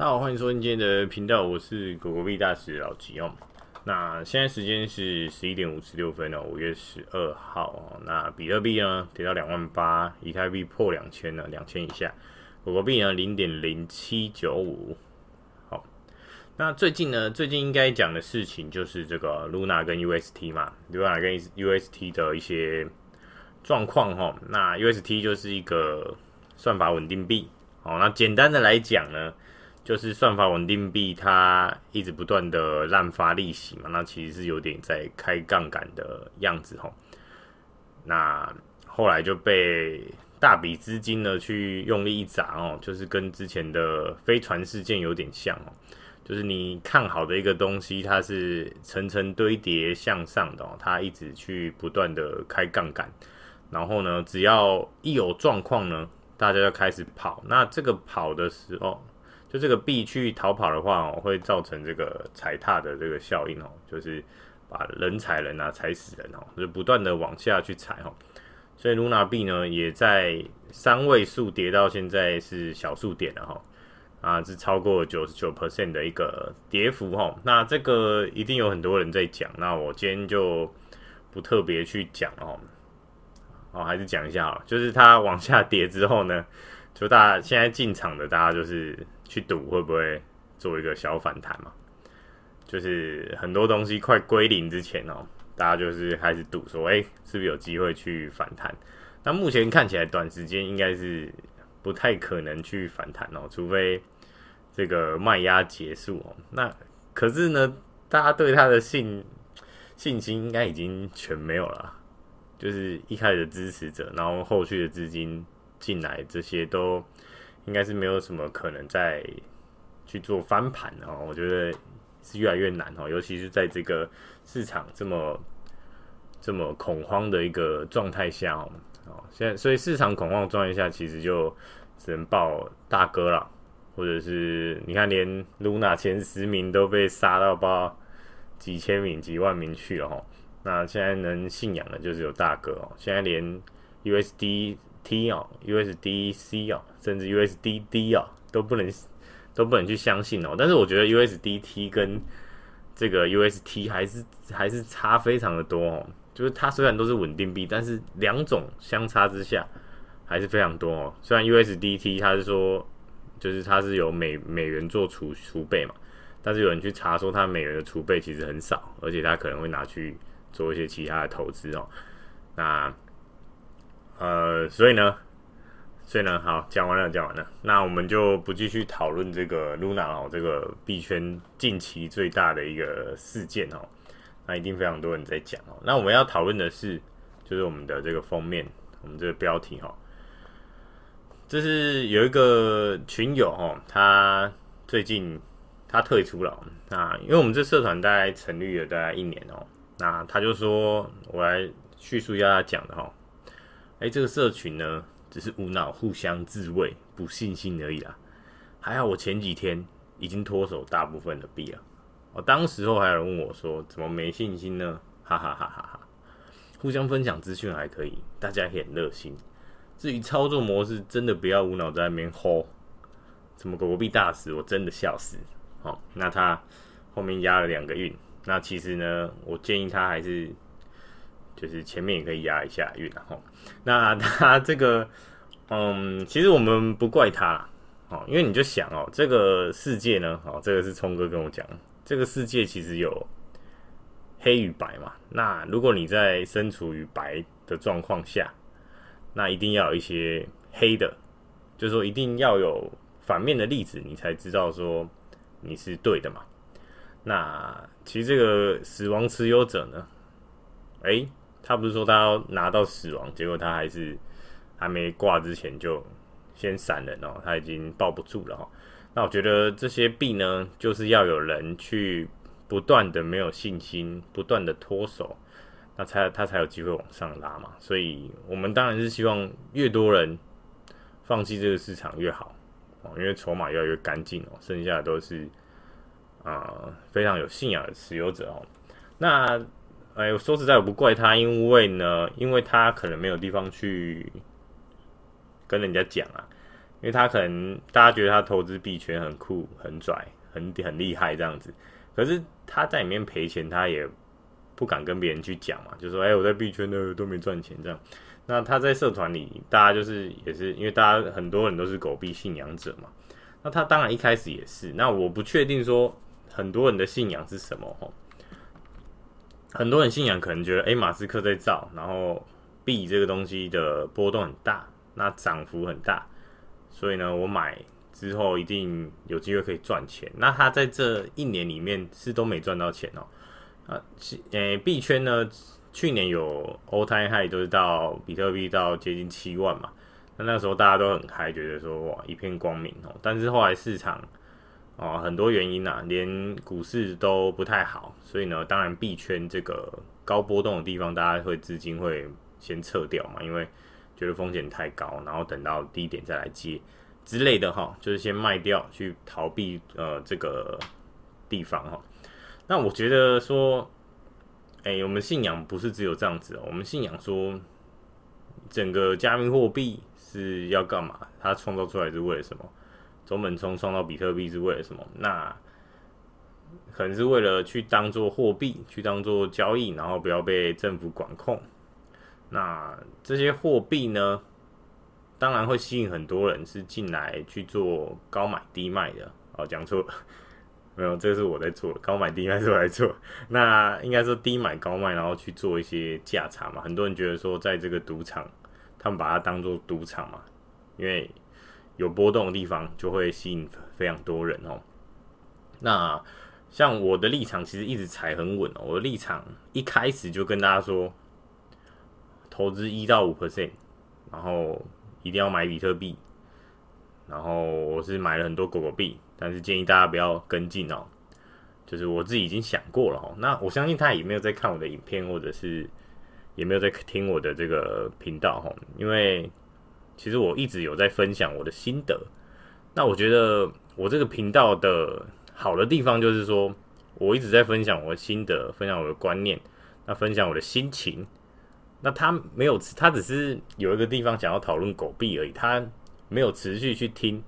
大家好，歡迎收聽今天的頻道，我是狗狗幣大使老吉哦。那現在時間是十一點五十六分哦，五月十二號哦，那比特幣呢跌到兩萬八，以太幣破兩千了，兩千以下。狗狗幣呢零點零七九五。好，那最近呢，最近應該講的事情就是這個 Luna 跟 UST 嘛，Luna 跟 UST 的一些狀況哈。那 UST 就是一個算法穩定幣，好，那簡單的來講呢。就是算法穩定幣，它一直不斷的濫發利息嘛，那其實是有點在開槓桿的樣子吼。那後來就被大筆資金呢去用力一砸哦，就是跟之前的飛船事件有點像哦。就是你看好的一個東西，它是層層堆疊向上的哦，它一直去不斷的開槓桿，然後呢，只要一有狀況呢，大家就開始跑。那這個跑的時候，就這個幣去逃跑的話、哦、會造成這個踩踏的這個效應哦，就是把人踩人啊，踩死人哦，就是、不斷的往下去踩哈、哦。所以 Luna 幣呢，也在三位數跌到現在是小數點了哈、哦，啊，是超過九十九 percent 的一個跌幅哈、哦。那這個一定有很多人在講，那我今天就不特別去講哦，哦，還是講一下哈，就是它往下跌之後呢。就大家現在進場的，大家就是去賭會不會做一個小反彈嘛？就是很多東西快歸零之前哦，大家就是開始賭說，哎，是不是有機會去反彈？那目前看起來短時間應該是不太可能去反彈哦，除非這個賣壓結束哦。那可是呢，大家對他的信信心應該已經全沒有了，就是一開始的支持者，然後後續的資金。進來這些都應該是沒有什麼可能再去做翻盤哦，我覺得是越來越難哦、喔，尤其是在這個市場這麼這麼恐慌的一個狀態下哦、喔、現在，所以市場恐慌狀態下，其實就只能抱大哥了，或者是你看連 Luna 前十名都被殺到不知道幾千名、幾萬名去了哦、喔。那現在能信仰的就只有大哥哦、喔，現在連 USD。t 哦，usdc 哦，甚至 usdd 哦，都不能都不能去相信哦。但是我覺得 usdt 跟這個 ust 還是還是差非常的多哦。就是它雖然都是穩定幣，但是兩種相差之下還是非常多哦。雖然 usdt 它是說，就是它是有美美元做儲儲備嘛，但是有人去查說，它美元的儲備其實很少，而且它可能會拿去做一些其他的投資哦。那呃，所以呢，所以呢，好，講完了，講完了，那我們就不繼續討論這個 Luna 哦，這個幣圈近期最大的一個事件哦，那一定非常多人在講哦。那我們要討論的是，就是我們的這個封面，我們這個標題哈，這是有一個群友哦，他最近他退出了哦，那因為我們這社團大概成立了大概一年哦，那他就說，我來敘述一下他講的哈。哎，這個社群呢，只是無腦互相自慰，不信心而已啦。還好我前幾天已經脫手大部分的幣了。我、哦、當時候還有人問我說，怎麼沒信心呢？哈哈哈哈哈，互相分享資訊還可以，大家也很熱心。至於操作模式，真的不要無腦在那邊吼。什麼狗幣大使，我真的笑死。好、哦，那他後面押了兩個韻。那其實呢，我建議他還是。就是前面也可以押一下韻，啊，然後那他這個，嗯，其實我們不怪他哦，因為你就想哦，這個世界呢，哦，這個是聰哥跟我講，這個世界其實有黑與白嘛。那如果你在身處於白的狀況下，那一定要有一些黑的，就是說一定要有反面的例子，你才知道說你是對的嘛。那其實這個死亡持有者呢，哎、欸。他不是說他要拿到死亡，結果他還是還沒掛之前就先閃人哦，他已經抱不住了哈、哦。那我覺得這些幣呢，就是要有人去不斷的沒有信心，不斷的脫手，那才他才有機會往上拉嘛。所以我們當然是希望越多人放棄這個市場越好哦，因為籌碼越來越乾淨哦，剩下的都是啊、呃、非常有信仰的持有者哦。那。哎、欸，我說實在，我不怪他，因為呢，因為他可能沒有地方去跟人家講啊，因為他可能大家覺得他投資幣圈很酷、很拽、很很厲害這樣子，可是他在裡面賠錢，他也不敢跟別人去講嘛，就說哎，我在幣圈呢都沒賺錢這樣。那他在社團裡，大家就是也是因為大家很多人都是狗幣信仰者嘛，那他當然一開始也是。那我不確定說很多人的信仰是什麼哦。很多人信仰可能覺得，哎、欸，馬斯克在造，然後幣這個東西的波動很大，那漲幅很大，所以呢，我買之後一定有機會可以賺錢。那他在這一年裡面是都沒賺到錢哦，啊，呃、欸，幣圈呢，去年有 all time high，就是到比特幣到接近七萬嘛，那那個時候大家都很嗨，覺得說哇一片光明哦，但是後來市場。哦，很多原因吶、啊，連股市都不太好，所以呢，當然幣圈這個高波動的地方，大家會資金會先撤掉嘛，因為覺得風險太高，然後等到低點再來接之類的哈，就是先賣掉去逃避呃這個地方哈。那我覺得說，哎、欸，我們信仰不是只有這樣子哦、喔，我們信仰說整個加密貨幣是要幹嘛？它創造出來是為了什麼？人們衝衝到比特幣是為了什麼？那可能是為了去當做貨幣，去當做交易，然後不要被政府管控。那這些貨幣呢，當然會吸引很多人是進來去做高買低賣的。哦，講錯了，沒有，這是我在做，高買低賣是我在做。那應該說低買高賣，然後去做一些價差嘛。很多人覺得說，在這個賭場，他們把它當做賭場嘛，因為。有波動的地方就會吸引非常多人哦。那像我的立場其實一直踩很穩哦，我的立場一開始就跟大家說投，投資一到五 percent，然後一定要買比特幣，然後我是買了很多狗狗幣，但是建議大家不要跟進哦。就是我自己已經想過了哦，那我相信他也沒有在看我的影片或者是也沒有在聽我的這個頻道哦，因為。其實我一直有在分享我的心得，那我覺得我這個頻道的好的地方就是說，我一直在分享我的心得，分享我的觀念，那分享我的心情。那他沒有，他只是有一個地方想要討論狗幣而已，他沒有持續去聽。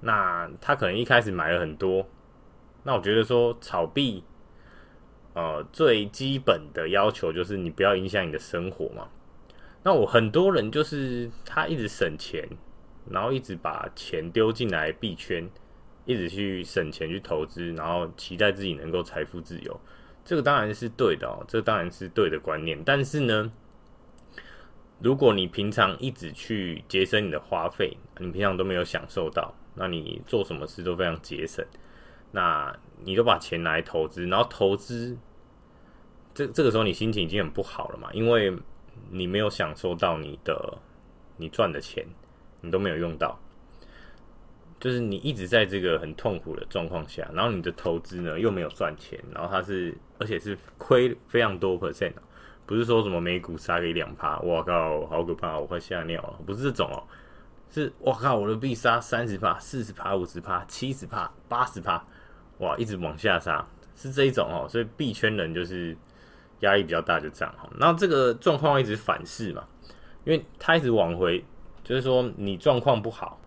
那他可能一開始買了很多，那我覺得說炒幣，呃，最基本的要求就是你不要影響你的生活嘛。那我很多人就是他一直省錢，然後一直把錢丟進來幣圈，一直去省錢去投資，然後期待自己能夠財富自由。這個當然是對的哦，這當然是對的觀念。但是呢，如果你平常一直去節省你的花費，你平常都沒有享受到，那你做什麼事都非常節省，那你都把錢拿來投資，然後投資這這個時候你心情已經很不好了嘛，因為。你沒有享受到你的，你賺的錢，你都沒有用到，就是你一直在這個很痛苦的狀況下，然後你的投資呢又沒有賺錢，然後它是而且是虧非常多 percent 喔，不是說什麼美股殺個兩趴，我靠，好可怕，我快嚇尿了喔，不是這種哦喔，是我靠，我的幣殺三十趴、四十趴、五十趴、七十趴、八十趴，哇，一直往下殺，是這一種哦喔，所以幣圈人就是。壓力比較大，就這樣哈。那這個狀況一直反噬嘛，因為它一直往回，就是說你狀況不好，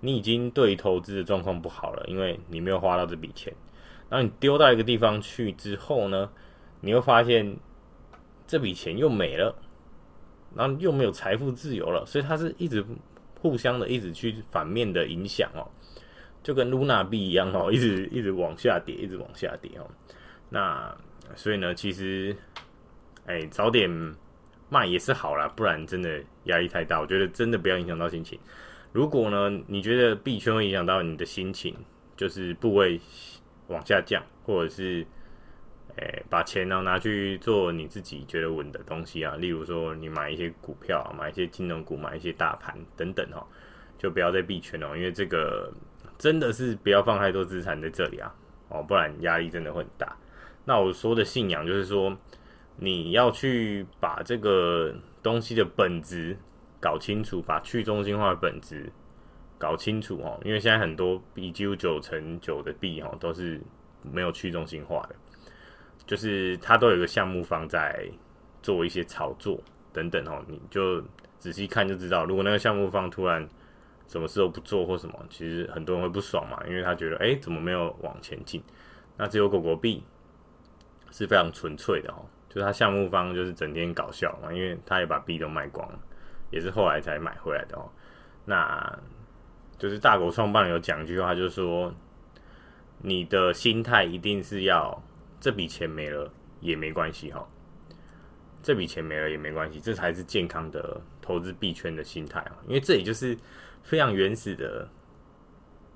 你已經對投資的狀況不好了，因為你沒有花到這筆錢。然後你丟到一個地方去之後呢，你又發現這筆錢又沒了，然後又沒有財富自由了。所以它是一直互相的，一直去反面的影響哦，就跟露娜幣一樣哦，一直一直往下跌，一直往下跌哦。那。所以呢，其實，哎、欸，早點賣也是好啦，不然真的壓力太大。我覺得真的不要影響到心情。如果呢，你覺得幣圈會影響到你的心情，就是部位往下降，或者是，哎、欸，把錢呢、啊、拿去做你自己覺得穩的東西啊，例如說你買一些股票、啊、買一些金融股、買一些大盤等等哦、喔。就不要在幣圈了、喔，因為這個真的是不要放太多資產在這裡啊，哦、喔，不然壓力真的會很大。那我說的信仰就是說，你要去把這個東西的本質搞清楚，把去中心化的本質搞清楚哦。因為現在很多 b 幾乎九成九的幣哈都是沒有去中心化的，就是它都有一個項目方在做一些炒作等等哦。你就仔細看就知道，如果那個項目方突然什麼時候不做或什麼，其實很多人會不爽嘛，因為他覺得誒、欸、怎麼沒有往前進？那只有狗狗幣是非常純粹的哦，就是他項目方就是整天搞笑嘛，因為他也把幣都賣光了，也是後來才買回來的哦。那就是大狗創辦有講一句話，就是說你的心態一定是要這筆錢沒了也沒關係哈，這筆錢沒了也沒關係，這才是健康的投資幣圈的心態啊。因為這也就是非常原始的，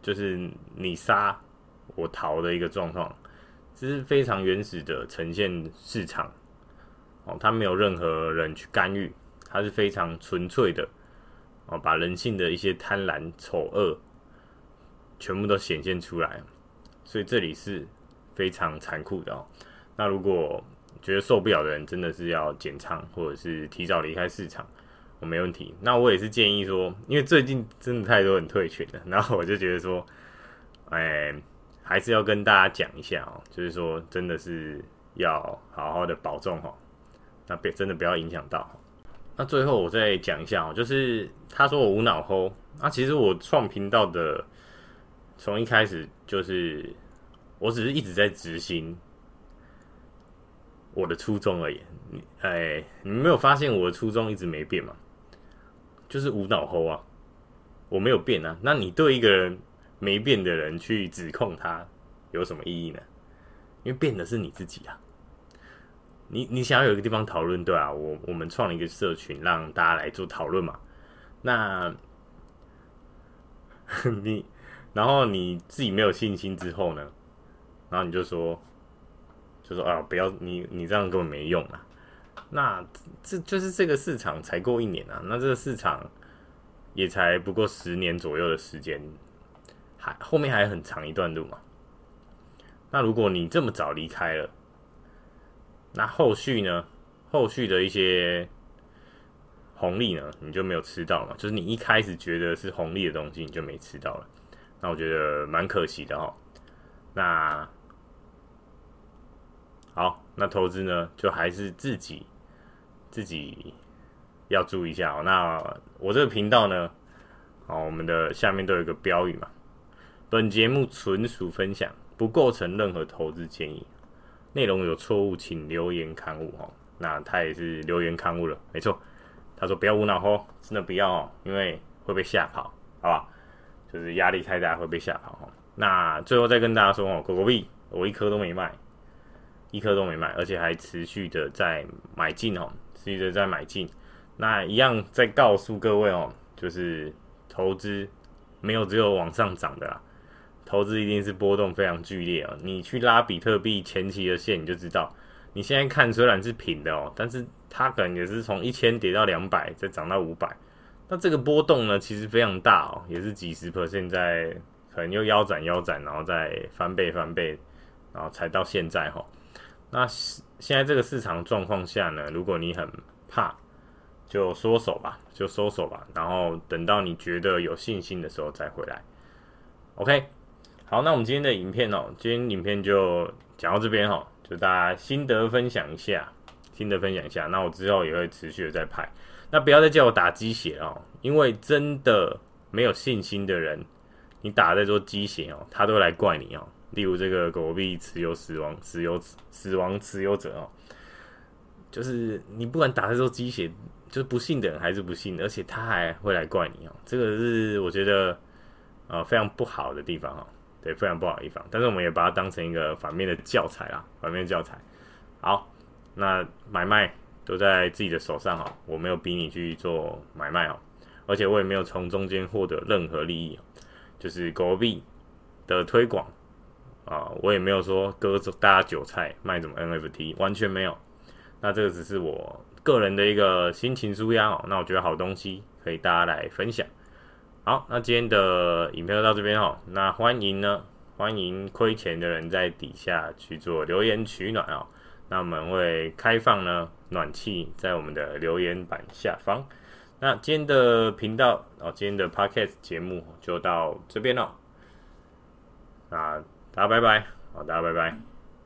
就是你殺我逃的一個狀況。這是非常原始的呈現市場，哦，它沒有任何人去干預，它是非常純粹的，哦，把人性的一些貪婪、醜惡，全部都顯現出來，所以這裡是非常殘酷的哦。那如果覺得受不了的人，真的是要減倉或者是提早離開市場，我沒問題。那我也是建議說，因為最近真的太多人退群了，然後我就覺得說，哎。還是要跟大家講一下哦，就是說，真的是要好好的保重哦。那別真的不要影響到。那最後我再講一下哦，就是他說我無腦吼，那其實我創頻道的從一開始就是，我只是一直在執行我的初衷而已。你，哎，你們沒有發現我的初衷一直沒變嗎？就是無腦吼啊，我沒有變啊。那你對一個人。沒變的人去指控他有什麼意義呢？因為變的是你自己啊！你你想要有一個地方討論對啊？我我們創了一個社群讓大家來做討論嘛。那你然後你自己沒有信心之後呢？然後你就說就說啊，不要你你這樣根本沒用啊！那這就是這個市場才過一年啊！那這個市場也才不過十年左右的時間。還，後面還有很長一段路嘛。那如果你這麼早離開了，那後續呢？後續的一些紅利呢？你就沒有吃到嘛？就是你一開始覺得是紅利的東西，你就沒吃到了。那我覺得蠻可惜的哦。那好，那投資呢，就還是自己自己要注意一下哦。那我這個頻道呢，好，我們的下面都有一個標語嘛。本節目純屬分享，不構成任何投資建議。內容有錯誤，請留言勘誤哈。那他也是留言勘誤了，沒錯。他說不要無腦吼，真的不要，因為會被嚇跑，好吧？就是壓力太大會被嚇跑。那最後再跟大家說哦，狗狗幣我一顆都沒賣，一顆都沒賣，而且還持續的在買進哦，持續的在買進。那一樣再告訴各位哦，就是投資沒有只有往上漲的啦。投資一定是波動非常劇烈啊、哦！你去拉比特幣前期的線，你就知道。你現在看雖然是平的哦，但是它可能也是從一千跌到兩百，再漲到五百。那這個波動呢，其實非常大哦，也是幾十 percent 在可能又腰斬腰斬，然後再翻倍翻倍，然後才到現在哈、哦。那現在這個市場狀況下呢，如果你很怕，就縮手吧，就縮手吧，然後等到你覺得有信心的時候再回來。OK。好，那我們今天的影片哦，今天影片就講到這邊哦，就大家心得分享一下，心得分享一下。那我之後也會持續的再拍。那不要再叫我打雞血哦，因為真的沒有信心的人，你打這座雞血哦，他都會來怪你哦。例如這個狗幣持有死亡、持有死亡持有者哦，就是你不管打這座雞血，就是不信的人還是不信的，而且他還會來怪你哦。這個是我覺得呃非常不好的地方哦。也非常不好意思，但是我們也把它當成一個反面的教材啦，反面教材。好，那買賣都在自己的手上哦，我沒有逼你去做買賣哦，而且我也沒有從中間獲得任何利益哦，就是狗幣的推廣啊，我也沒有說割大家韭菜賣什麼 NFT，完全沒有。那這個只是我個人的一個心情舒壓哦，那我覺得好東西可以大家來分享。好，那今天的影片就到這邊哦。那歡迎呢，歡迎虧錢的人在底下去做留言取暖哦。那我們會開放呢，暖氣在我們的留言板下方。那今天的頻道哦，今天的 Podcast 節目就到這邊嘍哦。那大家拜拜，好，大家拜拜。嗯